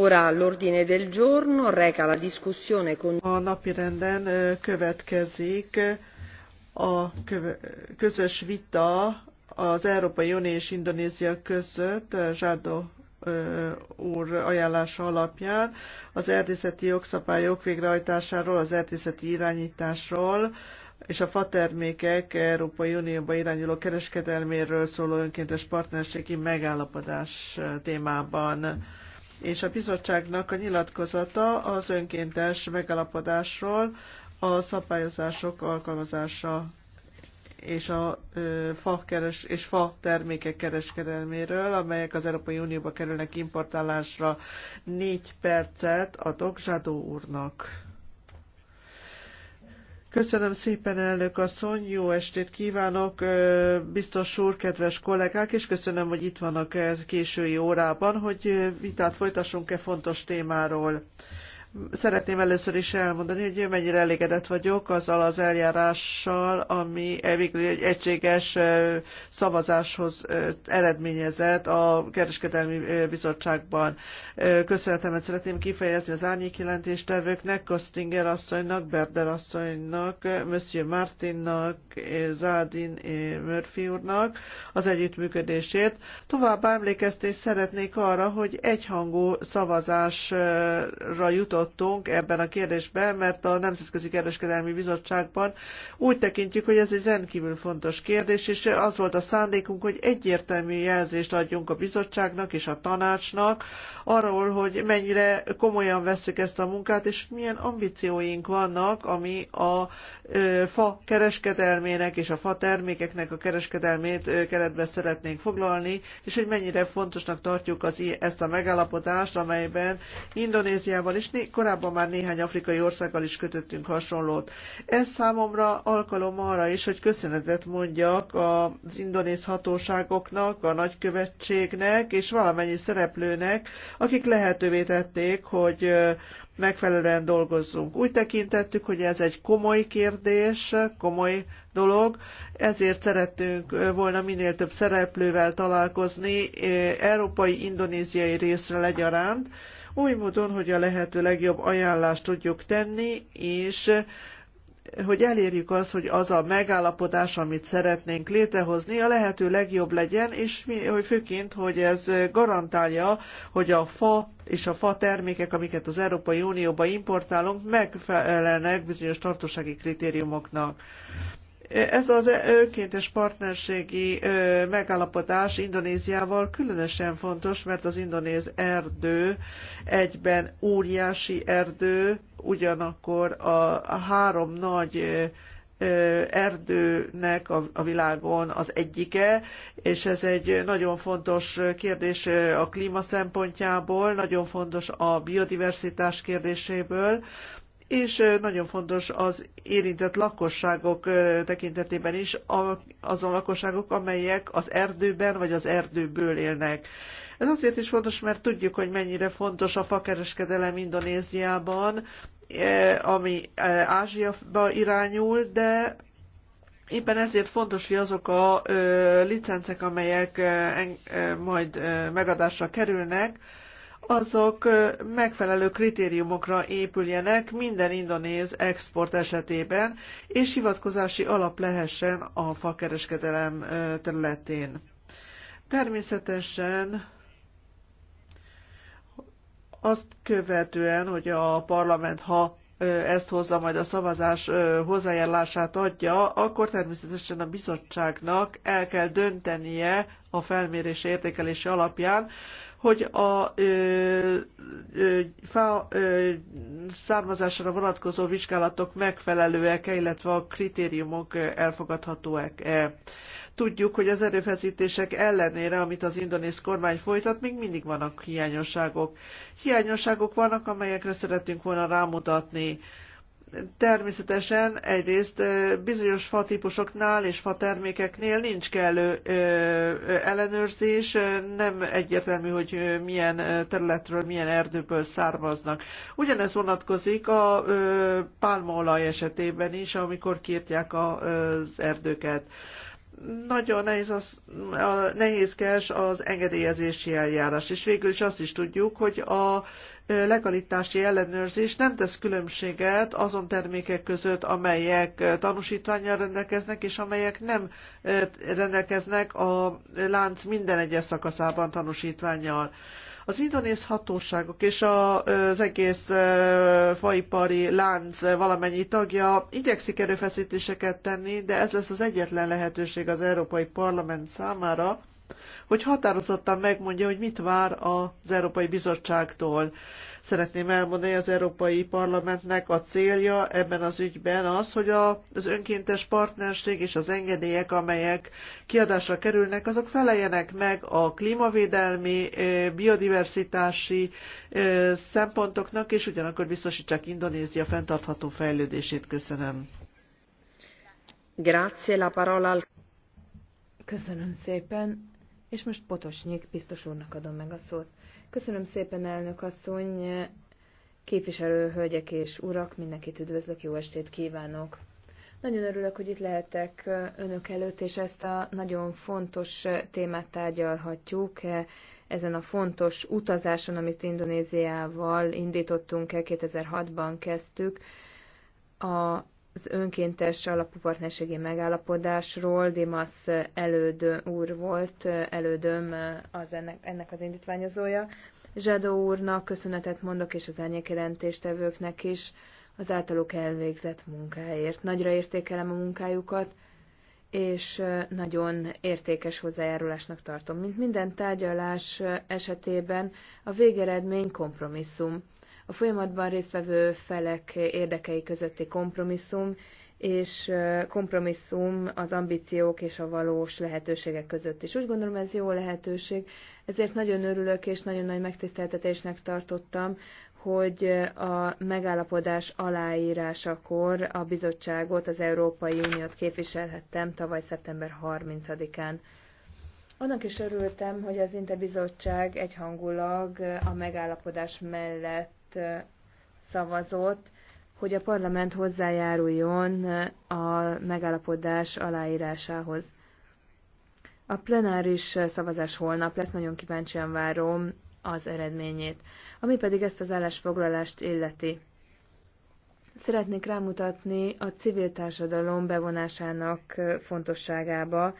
Ora l'ordine del giorno reca la discussione con... A napirenden következik a közös vita az Európai Unió és Indonézia között Zsádó úr ajánlása alapján az erdészeti jogszabályok végrehajtásáról, az erdészeti irányításról és a fa termékek Európai Unióba irányuló kereskedelméről szóló önkéntes partnerségi megállapodás témában és a bizottságnak a nyilatkozata az önkéntes megalapodásról a szabályozások alkalmazása és a ö, fa keres, és fa termékek kereskedelméről, amelyek az Európai Unióba kerülnek importálásra. Négy percet adok Zsadó úrnak. Köszönöm szépen, elnök asszony, jó estét kívánok, biztos úr, kedves kollégák, és köszönöm, hogy itt vannak e késői órában, hogy vitát folytassunk-e fontos témáról. Szeretném először is elmondani, hogy mennyire elégedett vagyok azzal az eljárással, ami e végül egy egységes szavazáshoz eredményezett a Kereskedelmi Bizottságban. Köszönetemet szeretném kifejezni az árnyék jelentéstevőknek, Kostinger asszonynak, Berder asszonynak, Monsieur Martinnak, Zádin Murphy úrnak az együttműködésért. Továbbá emlékeztés szeretnék arra, hogy egyhangú szavazásra jutott jutottunk ebben a kérdésben, mert a Nemzetközi Kereskedelmi Bizottságban úgy tekintjük, hogy ez egy rendkívül fontos kérdés, és az volt a szándékunk, hogy egyértelmű jelzést adjunk a bizottságnak és a tanácsnak arról, hogy mennyire komolyan veszük ezt a munkát, és milyen ambícióink vannak, ami a fa kereskedelmének és a fa termékeknek a kereskedelmét keretbe szeretnénk foglalni, és hogy mennyire fontosnak tartjuk az, ezt a megállapodást, amelyben Indonéziával és korábban már néhány afrikai országgal is kötöttünk hasonlót. Ez számomra alkalom arra is, hogy köszönetet mondjak az indonéz hatóságoknak, a nagykövetségnek és valamennyi szereplőnek, akik lehetővé tették, hogy megfelelően dolgozzunk. Úgy tekintettük, hogy ez egy komoly kérdés, komoly dolog, ezért szerettünk volna minél több szereplővel találkozni, európai, indonéziai részre legyaránt, oly módon, hogy a lehető legjobb ajánlást tudjuk tenni, és eh, hogy elérjük azt, hogy az a megállapodás, amit szeretnénk létrehozni, a lehető legjobb legyen, és mi, hogy főként, hogy ez garantálja, hogy a fa és a fa termékek, amiket az Európai Unióba importálunk, megfelelnek bizonyos tartósági kritériumoknak. Ez az önkéntes partnerségi megállapodás Indonéziával különösen fontos, mert az indonéz erdő egyben óriási erdő, ugyanakkor a három nagy erdőnek a, világon az egyike, és ez egy nagyon fontos kérdés a klíma szempontjából, nagyon fontos a biodiversitás kérdéséből, és nagyon fontos az érintett lakosságok tekintetében is azon lakosságok, amelyek az erdőben vagy az erdőből élnek. Ez azért is fontos, mert tudjuk, hogy mennyire fontos a fakereskedelem Indonéziában, ami Ázsiaba irányul, de Éppen ezért fontos, hogy azok a licencek, amelyek majd megadásra kerülnek, azok megfelelő kritériumokra épüljenek minden indonéz export esetében, és hivatkozási alap lehessen a fakereskedelem területén. Természetesen azt követően, hogy a parlament, ha ezt hozza, majd a szavazás hozzájárlását adja, akkor természetesen a bizottságnak el kell döntenie a felmérés értékelése alapján, hogy a ö, ö, fá, ö, származásra vonatkozó vizsgálatok megfelelőek-e, illetve a kritériumok elfogadhatóak-e. Tudjuk, hogy az erőfeszítések ellenére, amit az indonész kormány folytat, még mindig vannak hiányosságok. Hiányosságok vannak, amelyekre szeretünk volna rámutatni Természetesen egyrészt bizonyos fatípusoknál és fatermékeknél nincs kellő ellenőrzés, nem egyértelmű, hogy milyen területről, milyen erdőből származnak. Ugyanez vonatkozik a pálmaolaj esetében is, amikor kírtják az erdőket nagyon nehéz az, a, nehézkes az engedélyezési eljárás, és végül is azt is tudjuk, hogy a legalitási ellenőrzés nem tesz különbséget azon termékek között, amelyek tanúsítványjal rendelkeznek, és amelyek nem rendelkeznek a lánc minden egyes szakaszában tanúsítványjal. Az indonéz hatóságok és az egész faipari lánc valamennyi tagja igyekszik erőfeszítéseket tenni, de ez lesz az egyetlen lehetőség az Európai Parlament számára, hogy határozottan megmondja, hogy mit vár az Európai Bizottságtól. Szeretném elmondani, az Európai Parlamentnek a célja ebben az ügyben az, hogy az önkéntes partnerség és az engedélyek, amelyek kiadásra kerülnek, azok feleljenek meg a klímavédelmi, eh, biodiverzitási eh, szempontoknak, és ugyanakkor biztosítsák Indonézia fenntartható fejlődését. Köszönöm. Grazie la parola. Köszönöm szépen. És most Potosnyik biztos úrnak adom meg a szót. Köszönöm szépen, elnök asszony, képviselő hölgyek és urak, mindenkit üdvözlök, jó estét kívánok! Nagyon örülök, hogy itt lehetek önök előtt, és ezt a nagyon fontos témát tárgyalhatjuk ezen a fontos utazáson, amit Indonéziával indítottunk el, 2006-ban kezdtük. A az önkéntes alapú partnerségi megállapodásról Dimas elődő úr volt, elődöm az ennek, ennek az indítványozója. Zsadó úrnak köszönetet mondok, és az árnyékjelentéstevőknek is az általuk elvégzett munkáért. Nagyra értékelem a munkájukat, és nagyon értékes hozzájárulásnak tartom. Mint minden tárgyalás esetében a végeredmény kompromisszum a folyamatban résztvevő felek érdekei közötti kompromisszum, és kompromisszum az ambíciók és a valós lehetőségek között is. Úgy gondolom, ez jó lehetőség, ezért nagyon örülök és nagyon nagy megtiszteltetésnek tartottam, hogy a megállapodás aláírásakor a bizottságot, az Európai Uniót képviselhettem tavaly szeptember 30-án. Annak is örültem, hogy az Interbizottság egyhangulag a megállapodás mellett mellett szavazott, hogy a parlament hozzájáruljon a megállapodás aláírásához. A plenáris szavazás holnap lesz, nagyon kíváncsian várom az eredményét. Ami pedig ezt az állásfoglalást illeti. Szeretnék rámutatni a civil társadalom bevonásának fontosságába,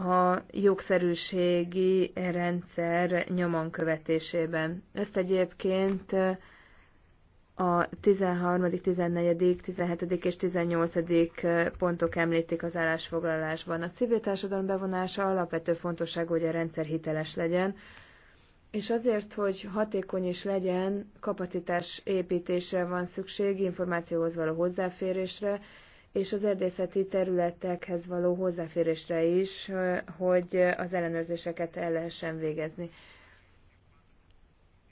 a jogszerűségi rendszer nyomon követésében. Ezt egyébként a 13., 14., 17. és 18. pontok említik az állásfoglalásban. A civil társadalom bevonása alapvető fontosságú, hogy a rendszer hiteles legyen, és azért, hogy hatékony is legyen, kapacitás építésre van szükség, információhoz való hozzáférésre, és az erdészeti területekhez való hozzáférésre is, hogy az ellenőrzéseket el lehessen végezni.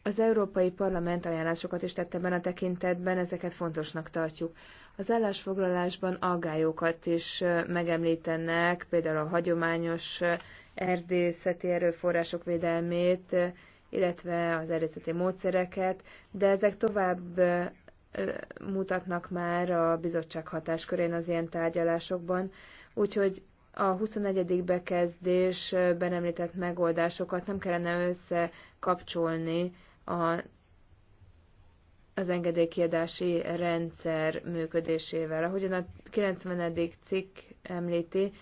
Az Európai Parlament ajánlásokat is tette ebben a tekintetben, ezeket fontosnak tartjuk. Az állásfoglalásban aggályokat is megemlítenek, például a hagyományos erdészeti erőforrások védelmét, illetve az erdészeti módszereket, de ezek tovább mutatnak már a bizottság hatáskörén az ilyen tárgyalásokban, úgyhogy a 21. bekezdésben említett megoldásokat nem kellene összekapcsolni a, az engedélykiadási rendszer működésével. Ahogyan a 90. cikk említi,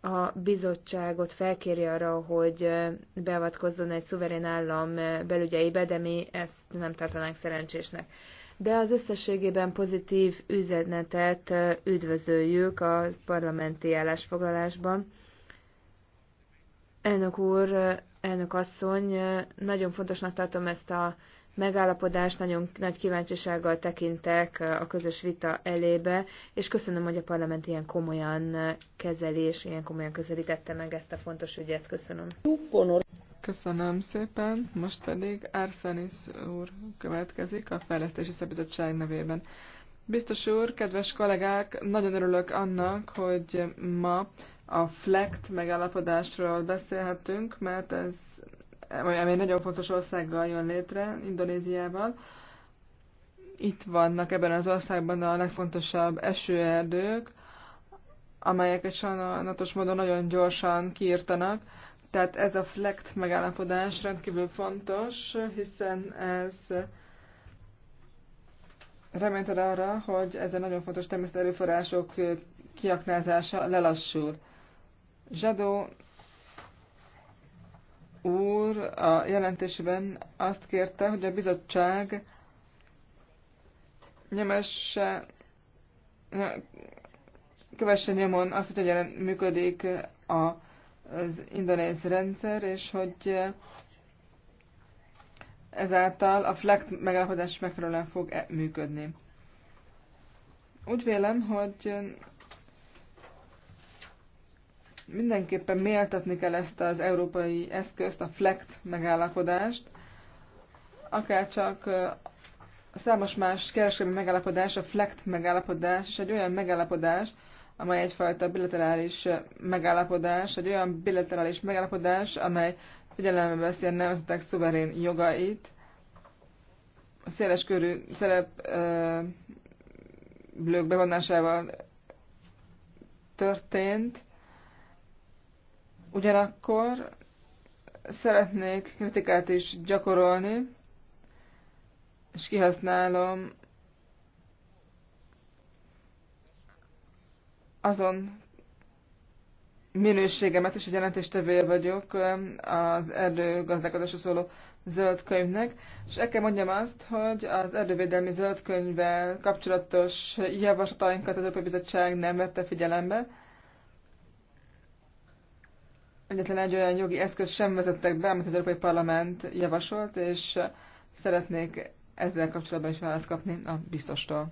a bizottságot felkéri arra, hogy beavatkozzon egy szuverén állam belügyeibe, de mi ezt nem tartanánk szerencsésnek de az összességében pozitív üzenetet üdvözöljük a parlamenti állásfoglalásban. Elnök úr, elnök asszony, nagyon fontosnak tartom ezt a megállapodást, nagyon nagy kíváncsisággal tekintek a közös vita elébe, és köszönöm, hogy a parlament ilyen komolyan kezelés, ilyen komolyan közelítette meg ezt a fontos ügyet. Köszönöm. Köszönöm szépen, most pedig Arsenis úr következik a Fejlesztési Szabizottság nevében. Biztos úr, kedves kollégák, nagyon örülök annak, hogy ma a FLECT megállapodásról beszélhetünk, mert ez ami egy nagyon fontos országgal jön létre, Indonéziával. Itt vannak ebben az országban a legfontosabb esőerdők, amelyeket sajnálatos módon nagyon gyorsan kiírtanak, tehát ez a FLECT megállapodás rendkívül fontos, hiszen ez reményt ad arra, hogy ez a nagyon fontos természet erőforrások kiaknázása lelassul. Zsadó úr a jelentésben azt kérte, hogy a bizottság nyomesse, kövesse nyomon azt, hogy hogyan működik a az indonéz rendszer, és hogy ezáltal a FLECT megállapodás megfelelően fog -e működni. Úgy vélem, hogy mindenképpen méltatni kell ezt az európai eszközt, a FLECT megállapodást, akárcsak számos más kereskedelmi megállapodás, a FLECT megállapodás, és egy olyan megállapodás, amely egyfajta bilaterális megállapodás, egy olyan bilaterális megállapodás, amely figyelembe veszi a nemzetek szuverén jogait, a széles körű szereplők bevonásával történt. Ugyanakkor szeretnék kritikát is gyakorolni, és kihasználom azon minőségemet és a jelentéstevője vagyok um, az erdőgazdálkodásra szóló zöld könyvnek, és el kell mondjam azt, hogy az erdővédelmi zöld könyvvel kapcsolatos javaslatainkat az Európai Bizottság nem vette figyelembe. Egyetlen egy olyan jogi eszköz sem vezettek be, amit az Európai Parlament javasolt, és szeretnék ezzel kapcsolatban is választ kapni a biztostól.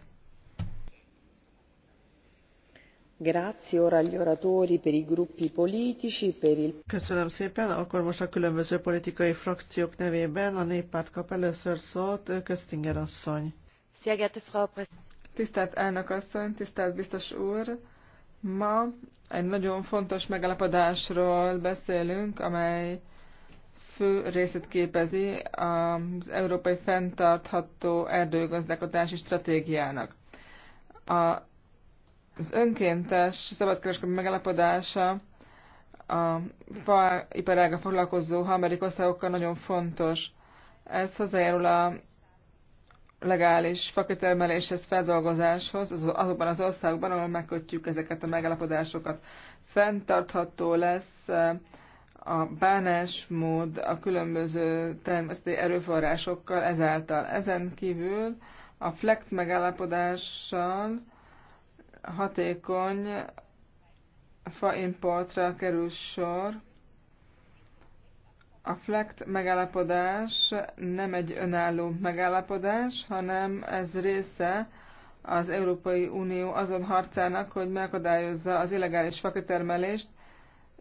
Köszönöm szépen, akkor most a különböző politikai frakciók nevében a néppárt kap először szót, Köztinger asszony. Tisztelt elnök asszony, tisztelt biztos úr! Ma egy nagyon fontos megállapodásról beszélünk, amely fő részét képezi az Európai Fenntartható Erdőgazdálkodási Stratégiának. A az önkéntes szabadkereskedelmi megállapodása a faiparága foglalkozó harmadik országokkal nagyon fontos. Ez hozzájárul a legális fakitermeléshez, feldolgozáshoz az, azokban az országokban, ahol megkötjük ezeket a megállapodásokat. Fenntartható lesz eh, a bánásmód a különböző természeti erőforrásokkal ezáltal. Ezen kívül a FLECT megállapodással hatékony faimportra kerül sor. A FLECT megállapodás nem egy önálló megállapodás, hanem ez része az Európai Unió azon harcának, hogy megakadályozza az illegális fakitermelést,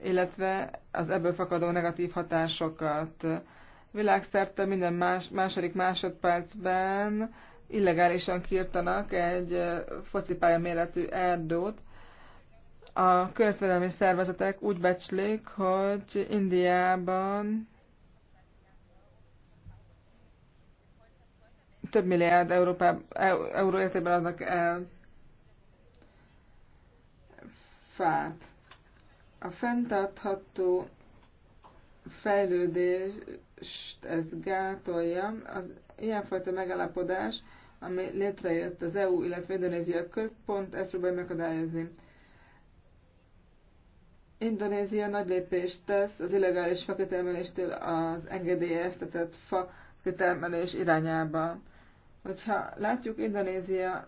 illetve az ebből fakadó negatív hatásokat. Világszerte minden más, második másodpercben illegálisan kírtanak egy focipálya méretű erdőt. A környezetvédelmi szervezetek úgy becslik, hogy Indiában több milliárd Európá, euró értékben adnak el fát. A fenntartható fejlődést ez gátolja. Az ilyenfajta megállapodás ami létrejött az EU, illetve Indonézia központ, ezt próbálja megakadályozni. Indonézia nagy lépést tesz az illegális fakitermeléstől az engedélyeztetett fa kitermelés irányába. Hogyha látjuk Indonézia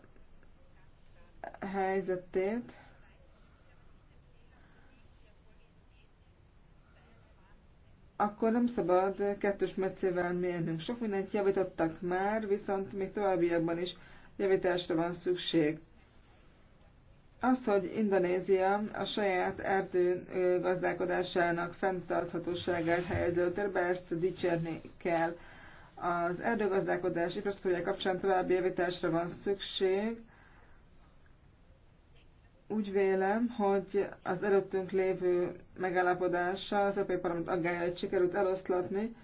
helyzetét, akkor nem szabad kettős mecével mérnünk. Sok mindent javítottak már, viszont még továbbiakban is javításra van szükség. Az, hogy Indonézia a saját erdő gazdálkodásának fenntarthatóságát helyező terbe, ezt dicsérni kell. Az erdőgazdálkodás infrastruktúrája kapcsán további javításra van szükség, úgy vélem, hogy az előttünk lévő megállapodása az Európai Parlament aggájait sikerült eloszlatni,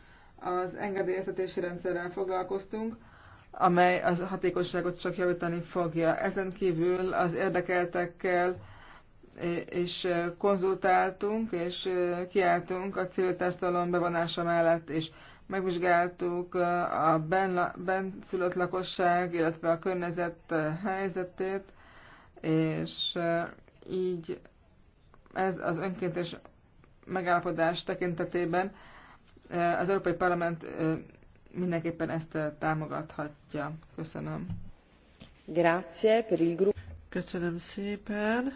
az engedélyeztetési rendszerrel foglalkoztunk, amely az hatékosságot csak javítani fogja. Ezen kívül az érdekeltekkel és konzultáltunk, és kiálltunk a civil társadalom bevonása mellett, és megvizsgáltuk a benszülött lakosság, illetve a környezet helyzetét, és így ez az önkéntes megállapodás tekintetében az Európai Parlament mindenképpen ezt támogathatja. Köszönöm. Grazie per il gruppo. Köszönöm szépen.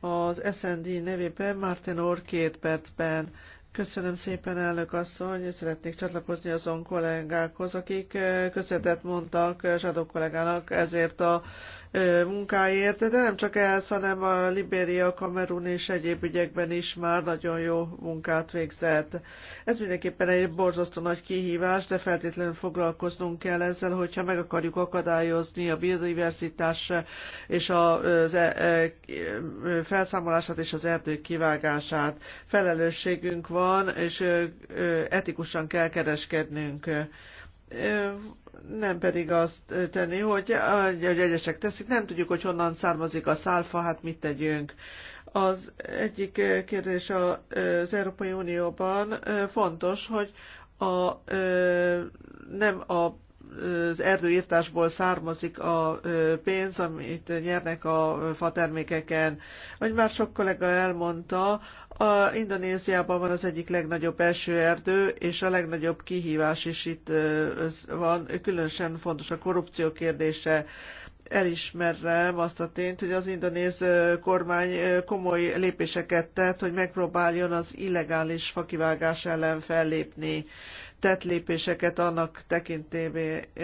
Az SND nevében Martin Orr két percben. Köszönöm szépen, elnök asszony. Szeretnék csatlakozni azon kollégákhoz, akik köszönetet mondtak Zsadó kollégának ezért a munkáért, de nem csak ehhez, hanem a Libéria, Kamerun és egyéb ügyekben is már nagyon jó munkát végzett. Ez mindenképpen egy borzasztó nagy kihívás, de feltétlenül foglalkoznunk kell ezzel, hogyha meg akarjuk akadályozni a biodiversitás és a e, e, felszámolását és az erdők kivágását. Felelősségünk van, és etikusan kell kereskednünk nem pedig azt tenni, hogy, hogy egyesek teszik, nem tudjuk, hogy honnan származik a szálfa, hát mit tegyünk. Az egyik kérdés az Európai Unióban fontos, hogy a, nem a az erdőírtásból származik a pénz, amit nyernek a fatermékeken. Ahogy már sok kollega elmondta, a Indonéziában van az egyik legnagyobb első erdő, és a legnagyobb kihívás is itt van. Különösen fontos a korrupció kérdése elismerem azt a tényt, hogy az indonéz kormány komoly lépéseket tett, hogy megpróbáljon az illegális fakivágás ellen fellépni tett lépéseket annak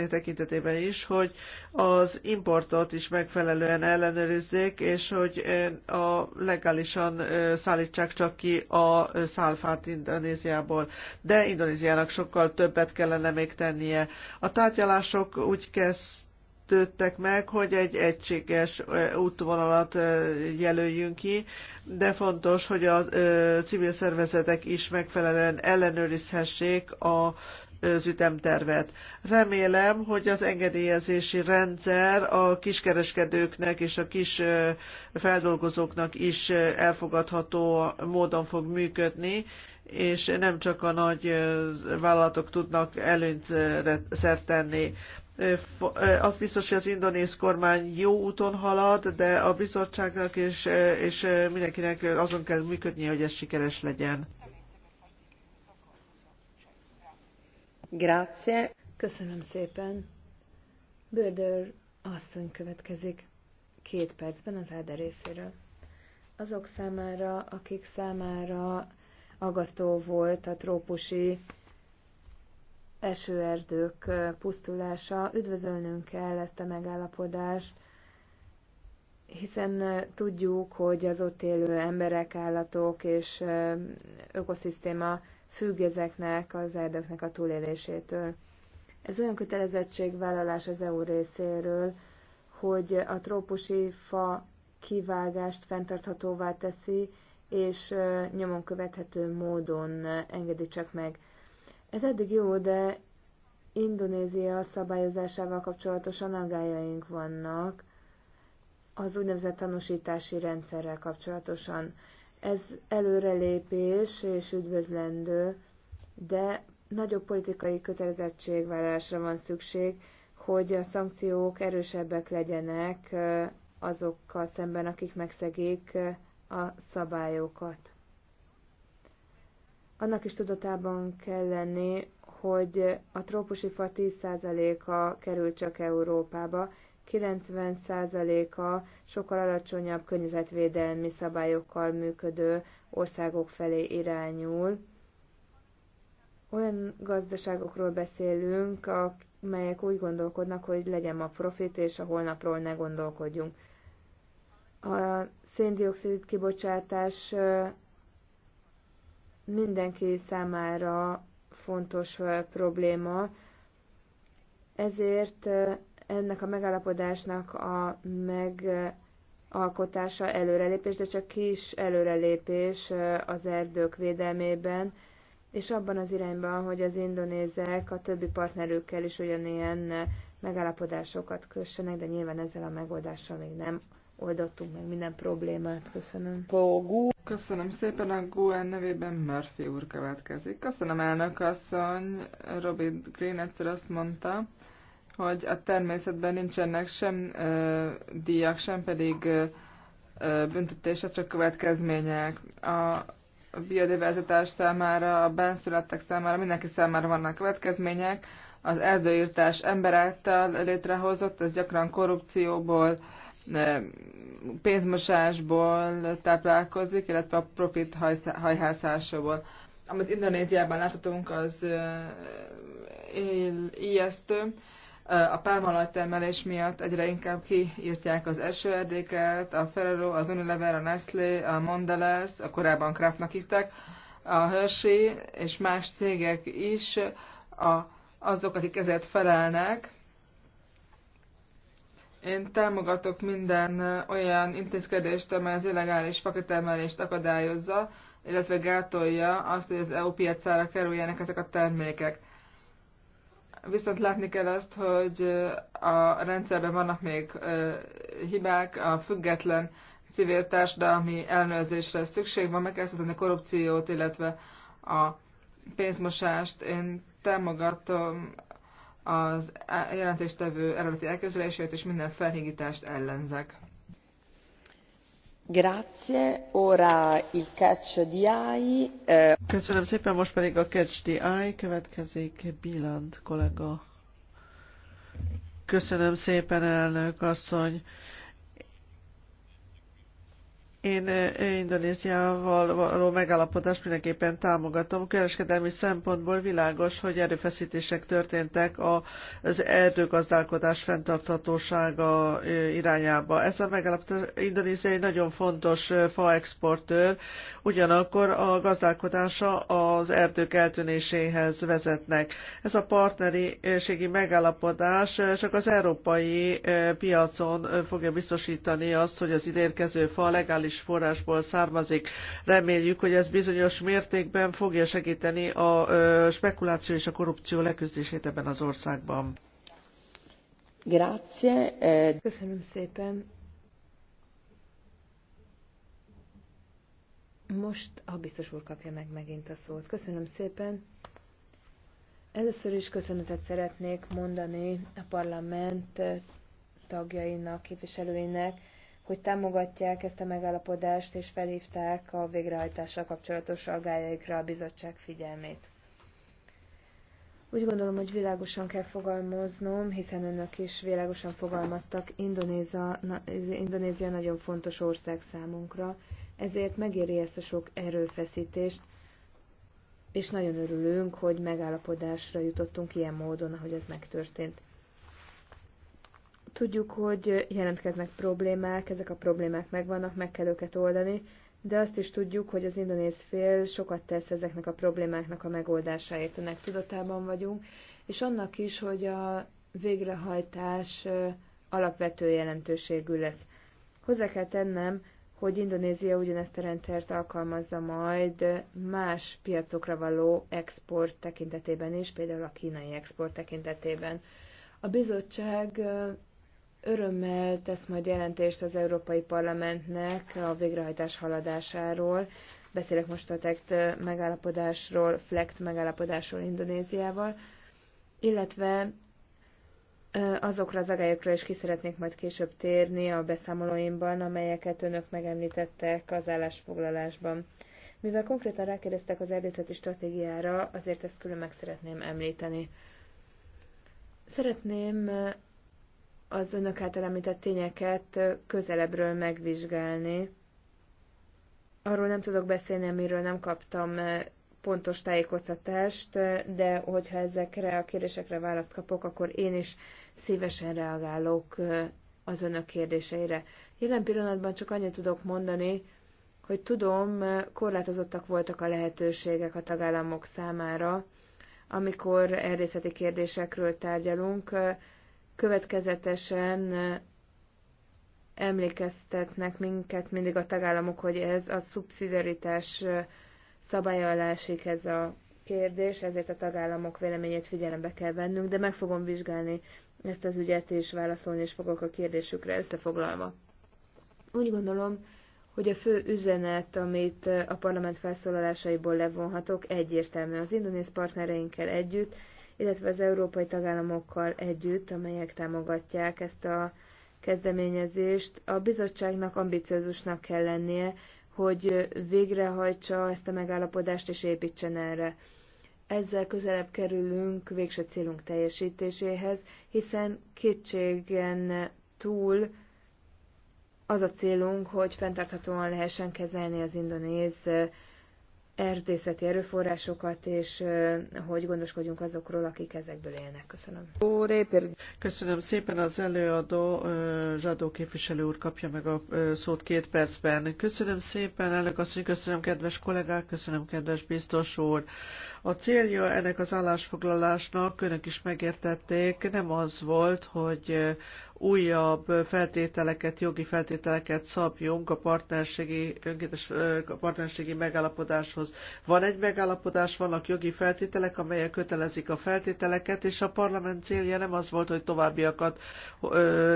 tekintetében is, hogy az importot is megfelelően ellenőrizzék, és hogy a legálisan szállítsák csak ki a szálfát Indonéziából. De Indonéziának sokkal többet kellene még tennie. A tárgyalások úgy kezd tettek meg, hogy egy egységes útvonalat jelöljünk ki, de fontos, hogy a civil szervezetek is megfelelően ellenőrizhessék a az ütemtervet. Remélem, hogy az engedélyezési rendszer a kiskereskedőknek és a kis feldolgozóknak is elfogadható módon fog működni, és nem csak a nagy vállalatok tudnak előnyt szert tenni. Az biztos, hogy az indonéz kormány jó úton halad, de a bizottságnak és, és mindenkinek azon kell működnie, hogy ez sikeres legyen. Grazie. Köszönöm szépen. Böder asszony következik két percben az Áder részéről. Azok számára, akik számára agasztó volt a trópusi esőerdők pusztulása. Üdvözölnünk kell ezt a megállapodást, hiszen tudjuk, hogy az ott élő emberek, állatok és ökoszisztéma függ ezeknek az erdőknek a túlélésétől. Ez olyan kötelezettségvállalás az EU részéről, hogy a trópusi fa kivágást fenntarthatóvá teszi, és nyomon követhető módon engedi csak meg. Ez eddig jó, de Indonézia szabályozásával kapcsolatosan aggájaink vannak az úgynevezett tanúsítási rendszerrel kapcsolatosan. Ez előrelépés és üdvözlendő, de nagyobb politikai kötelezettségvállalásra van szükség, hogy a szankciók erősebbek legyenek azokkal szemben, akik megszegik a szabályokat. Annak is tudatában kell lenni, hogy a trópusi fa 10%-a kerül csak Európába, 90%-a sokkal alacsonyabb környezetvédelmi szabályokkal működő országok felé irányul. Olyan gazdaságokról beszélünk, amelyek úgy gondolkodnak, hogy legyen ma profit, és a holnapról ne gondolkodjunk. A széndiokszid kibocsátás mindenki számára fontos probléma, ezért ennek a megállapodásnak a megalkotása előrelépés, de csak kis előrelépés az erdők védelmében, és abban az irányban, hogy az indonézek a többi partnerükkel is ugyanilyen megállapodásokat kössenek, de nyilván ezzel a megoldással még nem oldottunk meg minden problémát. Köszönöm. Pogu. Köszönöm szépen a Guen nevében Murphy úr következik. Köszönöm elnök asszony. Robin Green egyszer azt mondta, hogy a természetben nincsenek sem ö, díjak, sem pedig ö, büntetése, csak következmények. A biodiverzitás számára, a benszülettek számára, mindenki számára vannak következmények. Az erdőírtás ember által létrehozott, ez gyakran korrupcióból, pénzmosásból táplálkozik, illetve a profit hajhászásából. Amit Indonéziában láthatunk, az ijesztő. A termelés miatt egyre inkább kiírtják az esőerdéket, a Ferrero, az Unilever, a Nestlé, a Mondelez, a korábban Kraftnak hittek, a Hershey és más cégek is a, azok, akik ezért felelnek, én támogatok minden olyan intézkedést, amely az illegális fakitermelést akadályozza, illetve gátolja azt, hogy az EU piacára kerüljenek ezek a termékek. Viszont látni kell azt, hogy a rendszerben vannak még hibák, a független civil társadalmi ellenőrzésre szükség van, meg kell a korrupciót, illetve a pénzmosást. Én támogatom az jelentéstevő eredeti elképzelését és minden felhígítást ellenzek. Grazie, ora il catch di AI. Eh. Köszönöm szépen, most pedig a catch di AI következik, Biland kollega. Köszönöm szépen, elnök asszony. Én Indonéziával való megállapodást mindenképpen támogatom. Kereskedelmi szempontból világos, hogy erőfeszítések történtek az erdőgazdálkodás fenntarthatósága irányába. Ez a megállapodás Indonézia egy nagyon fontos faexportőr, ugyanakkor a gazdálkodása az erdők eltűnéséhez vezetnek. Ez a partneriségi megállapodás csak az európai piacon fogja biztosítani azt, hogy az idérkező fa legális foszilis forrásból származik. Reméljük, hogy ez bizonyos mértékben fogja segíteni a spekuláció és a korrupció leküzdését ebben az országban. Grazie. Eh. Köszönöm szépen. Most a biztos úr kapja meg megint a szót. Köszönöm szépen. Először is köszönetet szeretnék mondani a parlament tagjainak, képviselőinek hogy támogatják ezt a megállapodást, és felhívták a végrehajtással kapcsolatos aggájaikra a bizottság figyelmét. Úgy gondolom, hogy világosan kell fogalmaznom, hiszen önök is világosan fogalmaztak, Indonézia, na, Indonézia nagyon fontos ország számunkra, ezért megéri ezt a sok erőfeszítést, és nagyon örülünk, hogy megállapodásra jutottunk ilyen módon, ahogy ez megtörtént. Tudjuk, hogy jelentkeznek problémák, ezek a problémák megvannak, meg kell őket oldani, de azt is tudjuk, hogy az indonéz fél sokat tesz ezeknek a problémáknak a megoldásáért, ennek tudatában vagyunk, és annak is, hogy a végrehajtás alapvető jelentőségű lesz. Hozzá kell tennem, hogy Indonézia ugyanezt a rendszert alkalmazza majd más piacokra való export tekintetében is, például a kínai export tekintetében. A bizottság Örömmel tesz majd jelentést az Európai Parlamentnek a végrehajtás haladásáról. Beszélek most a TECT megállapodásról, FLECT megállapodásról Indonéziával, illetve azokra az agályokra is ki szeretnék majd később térni a beszámolóimban, amelyeket önök megemlítettek az állásfoglalásban. Mivel konkrétan rákérdeztek az erdészeti stratégiára, azért ezt külön meg szeretném említeni. Szeretném az önök által említett tényeket közelebbről megvizsgálni. Arról nem tudok beszélni, amiről nem kaptam pontos tájékoztatást, de hogyha ezekre a kérdésekre választ kapok, akkor én is szívesen reagálok az önök kérdéseire. Jelen pillanatban csak annyit tudok mondani, hogy tudom, korlátozottak voltak a lehetőségek a tagállamok számára, amikor elrészeti kérdésekről tárgyalunk, következetesen emlékeztetnek minket mindig a tagállamok, hogy ez a szubszidiaritás szabálya alá esik ez a kérdés, ezért a tagállamok véleményét figyelembe kell vennünk, de meg fogom vizsgálni ezt az ügyet, és válaszolni is fogok a kérdésükre összefoglalva. Úgy gondolom, hogy a fő üzenet, amit a parlament felszólalásaiból levonhatok, egyértelmű. Az indonész partnereinkkel együtt illetve az európai tagállamokkal együtt, amelyek támogatják ezt a kezdeményezést. A bizottságnak ambiciózusnak kell lennie, hogy végrehajtsa ezt a megállapodást és építsen erre. Ezzel közelebb kerülünk végső célunk teljesítéséhez, hiszen kétségen túl az a célunk, hogy fenntarthatóan lehessen kezelni az indonéz erdészeti erőforrásokat, és hogy gondoskodjunk azokról, akik ezekből élnek. Köszönöm. Köszönöm szépen az előadó Zsadó képviselő úr kapja meg a szót két percben. Köszönöm szépen, elnök asszony, köszönöm kedves kollégák, köszönöm kedves biztos úr. A célja ennek az állásfoglalásnak, önök is megértették, nem az volt, hogy újabb feltételeket, jogi feltételeket szabjunk a partnerségi, önkéntes a partnerségi megállapodáshoz. Van egy megállapodás, vannak jogi feltételek, amelyek kötelezik a feltételeket, és a parlament célja nem az volt, hogy továbbiakat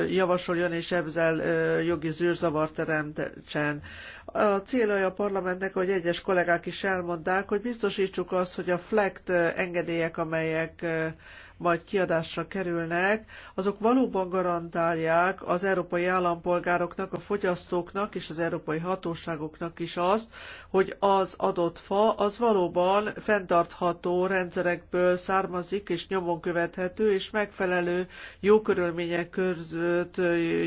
javasoljon és ezzel jogi zűrzavar teremtsen. A célja a parlamentnek, hogy egyes kollégák is elmondták, hogy biztosítsuk azt, hogy a a FLECT engedélyek, amelyek majd kiadásra kerülnek, azok valóban garantálják az európai állampolgároknak, a fogyasztóknak és az európai hatóságoknak is azt, hogy az adott fa az valóban fenntartható rendszerekből származik és nyomon követhető és megfelelő jó körülmények között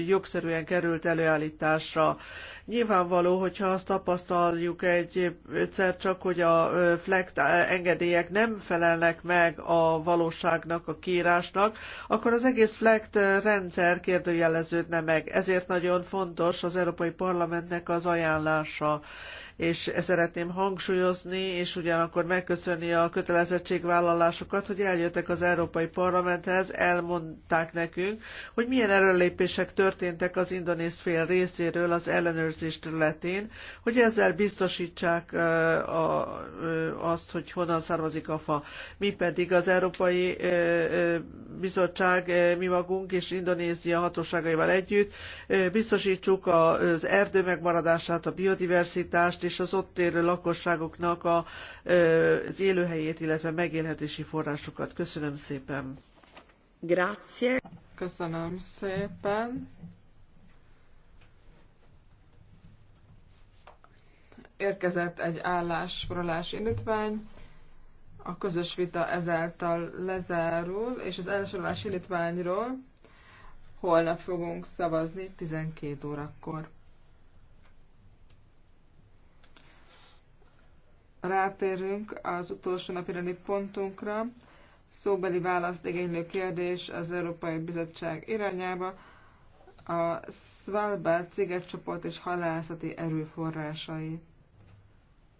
jogszerűen került előállításra. Nyilvánvaló, hogyha azt tapasztaljuk egy egyszer csak, hogy a FLECT engedélyek nem felelnek meg a valóságnak, a kiírásnak, akkor az egész FLECT rendszer kérdőjeleződne meg. Ezért nagyon fontos az Európai Parlamentnek az ajánlása és szeretném hangsúlyozni, és ugyanakkor megköszönni a kötelezettségvállalásokat, hogy eljöttek az Európai Parlamenthez, elmondták nekünk, hogy milyen erőlépések történtek az indonész fél részéről az ellenőrzés területén, hogy ezzel biztosítsák azt, hogy honnan származik a fa. Mi pedig az Európai Bizottság, mi magunk és Indonézia hatóságaival együtt biztosítsuk az erdő megmaradását, a biodiverzitást, és az ott élő lakosságoknak a, az élőhelyét, illetve megélhetési forrásokat Köszönöm szépen! Grazie! Köszönöm szépen! Érkezett egy állásfoglalás indítvány. A közös vita ezáltal lezárul, és az állásfoglalás indítványról holnap fogunk szavazni 12 órakor. rátérünk az utolsó napirendi pontunkra, szóbeli választ igénylő kérdés az Európai Bizottság irányába, a Svalbard szigetcsoport és halászati erőforrásai.